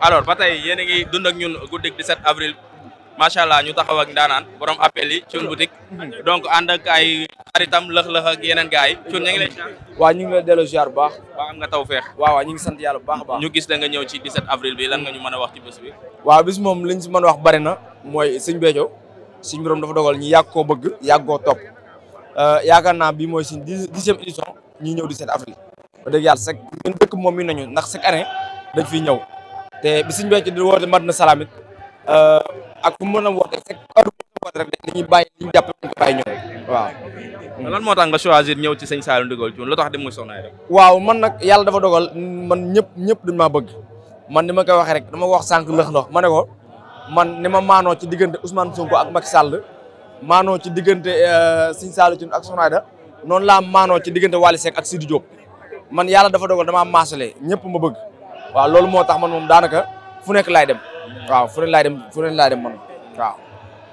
alors ba tey yéen a ngi dund ak ñun guddik 17 avril macha allah ñu taxaw ak ndaanaan borom appel yi Thioune Boutique donc ànd ak ay xaritam lëx-lëx ak yeneen gars yi Thioune ñu ngi lay waaw ñu ngi lay delloo ziar bu baax waa am nga taw feex waaw waaw ñu ngi sant yàlla bu baax baax ñu gis la nga ñëw ci 17 avril bi lan nga mën a wax ci bés bi waa bis moom liñ si mën a wax bari na mooy sëñ Béthio suñ borom dafa dogal ñu yàgg koo bëgg yàggoo koo topp euh, yaakaar naa bii mooy suñ dixième édition ñuy ñëw 17 avril ba dëgg yàlla chaque ñun moom mi nañu ndax chaque année dañ fiy ñëw te bi suñu becc di woote Madina Salaam it euh, ak fu mën a woote rek heure waaw. lan moo tax nga ñëw ci sëñ Saliou Ndigal Thioune lu tax dem muy soxna waaw man nag yàlla dafa dogal man ñëpp ñëpp dañ maa bëgg man ni ma koy waxee rek dama wax sànq lëx-lëx ma ne ko man ni ma maanoo ci diggante Ousmane Sonko ak Macky Sall maanoo ci diggante euh, sëñ Saliou Thioune ak Soxna Aida noonu laa maanoo ci diggante Wally Seck ak Sidi Diop man yàlla dafa dogal damaa maasalee ñëpp ma bëgg. waaw loolu moo tax man moom daanaka fu nekk laay dem waaw fu nekk laay dem fu nekk laay dem man waaw.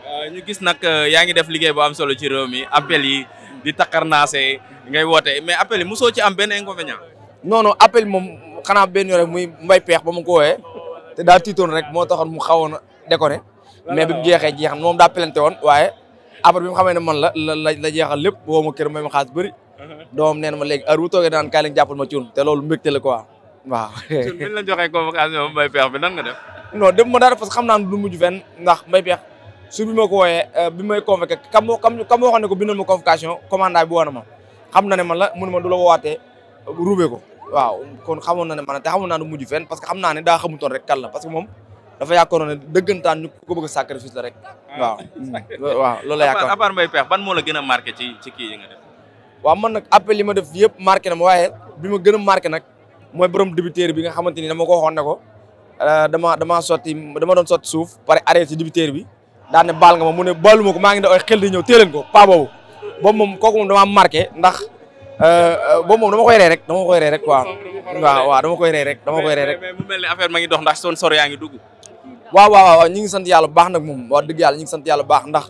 Euh, ñu gis nag euh, yaa ngi def liggéey boo am solo ci réew mi appel yi di takkarnaase ngay woote mais appel yi mosoo ci am benn inconvénient. non non appel moom xanaa benn rek muy mbay peex ba mu ko wooyee te daa tiitoon rek moo taxoon mu xawoon a décoré mais bi mu jeexee jeex moom daa plante woon waaye après bi mu xamee ne man la la la jeexal lépp boo ma kër may ma xaas bëri uh-huh. doomam nee na ma léegi heure bu toogee daan kaay leen jàppal ma loolu mbégte la quoi. waaw. suñ biñ la joxee convocation Mbaye Pekh bi nan ma dara parce que naa ne du mujj fenn ndax Mbaye Pekh su bi ma ko wooyee euh, ko bindal ma convocation commandant bi woon na ma la mun ma waaw kon xamoon na ne man te xamoon naa ne parce que xam naa ne daa xamutoon rek kan a sacrifice la rek. waaw loolu la yaakaar à part Mbaye ban moo la gën a marqué ci ci kii nga def. waaw man na appel yi ma def yëpp marqué na ma waaye bi ma gën a marqué nag mooy borom débiteur bi nga xamante ni dama ko waxoon ne ko euh, dama dama sotti dama doon sotti suuf pare arrêté débiteur bi daan ne baal nga ma mu ne baaluma ko maa ngi ne ay xel di ñëw téeleen ko pa boobu boobu moom kooku moom damaa marqué ndax euh, euh, boobu moom dama koy rey rek dama koy rey rek waaw waaw waaw dama koy rey rek dama koy rey rek mu mel ne affaire ma ngi dox ndax son sor yaa ngi dugg waaw waaw waaw ñu ngi sant yàlla bu baax nag moom wax dëgg yàlla ñu ngi sant yàlla bu baax ndax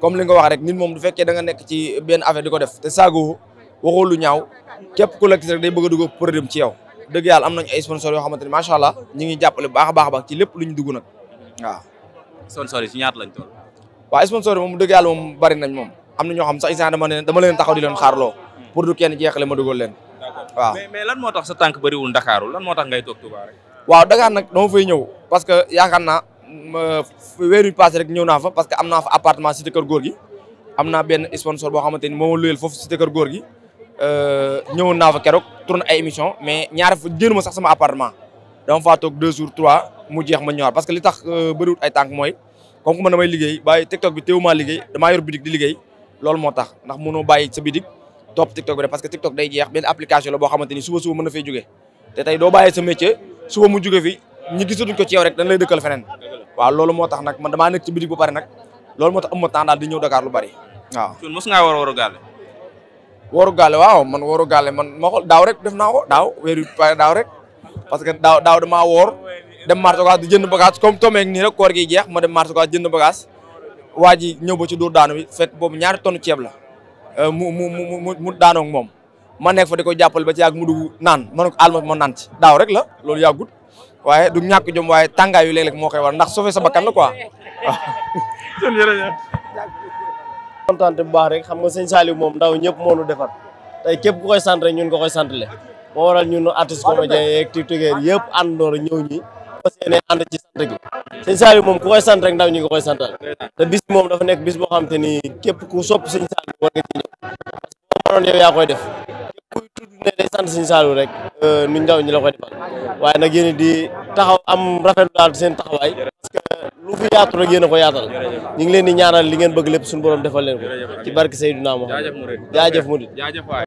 comme li nga wax rek nit moom du fekkee da nga nekk ci benn affaire di ko def te saagoo waxoo lu ñaaw képp ku la gis rek day bëgg a dugg problème ci yow dëgg yàlla am nañ ay sponsor yoo xamante ni macha allah ñu ngi jàppale baax a baax baax ci lépp lu dugg nag waaw. sponsor yi si ñaata lañ toll. waaw sponsor yi moom dëgg yàlla moom bari nañ moom am na ñoo xam sax instant dama leen taxaw di leen xaarloo pour du kenn jeexale ma dugal leen. waaw mais mais lan moo tax sa tànk bëriwul Ndakaaru lan moo tax ngay toog Touba rek. waaw Dakar nag dama fay ñëw parce que yaakaar naa weer yu passé rek ñëw naa fa parce que am naa fa appartement cité kër góor gi am naa benn sponsor boo xamante ni moo ma luyeel foofu cité kër góor Euh, ñëwoon naa fa keroog tourné ay émission mais ñaar fa génn ma sax sama appartement dama faa toog deux jours trois mu jeex ma ñëwaat parce que li tax euh, bëriwut ay tànk mooy comme que man damay liggéey bàyyi TikTok bi teewumaa liggéey damaa yor bidig di liggéey loolu moo tax ndax mënoo bàyyi sa bidig topp TikTok bi rek parce que TikTok day jeex la boo xamante ni suba suba mën na fay jóge te tey ko ci yow rek dañ lay dëkkal loolu moo tax nag man damaa nekk ci bidig bu pare nag loolu moo tax am ma temps daal di ñëw Dakar lu bari waaw. kon mos ngaa war a war a waru gaale waaw man waru gaale man ma daaw rek def naa ko daaw weer daaw rek parce que daaw daaw damaa woor dem marché Ocass di jënd bagage comme tomeeg nii rek koor gi jeex ma dem marché Ocass jënd bagage waa ji ñëw ba ci duur daanu wi fekk boobu ñaari tonne ceeb la euh, mu mu mu mu daanoo moom ma nekk fa di ko jàppale ba ci yàgg mu dugg naan ma ne ko alma ma naan ci daaw rek la loolu yàggut waaye du ñàkk jom waaye tàngaay yu léeg moo koy war ndax soo fee sa bakkan la quoi kontaante bu baax rek xam nga sëñ Saliou moom ndaw ñëpp moo nu defar tey képp ku koy sant rek ñun ko koy sant le yëpp àndoor ñëw ñi fas yéene ànd ci sant moom ku koy sant rek ndaw ñi nga koy santal te bis moom dafa nekk bis boo xam te képp ku sopp sëñ parce que boo mënoon yow yaa koy def képp rek euh, nu ndaw ñi la koy defal waaye nag yéen di taxaw am rafetlu daal seen taxawaay lu yaatu rek yéen a ko yaatal ñu ngi leen di ñaanal li ngeen bëgg lépp suñu borom defal leen ko ci barke Seydina Muhammad jaajëf murid jaajëf waay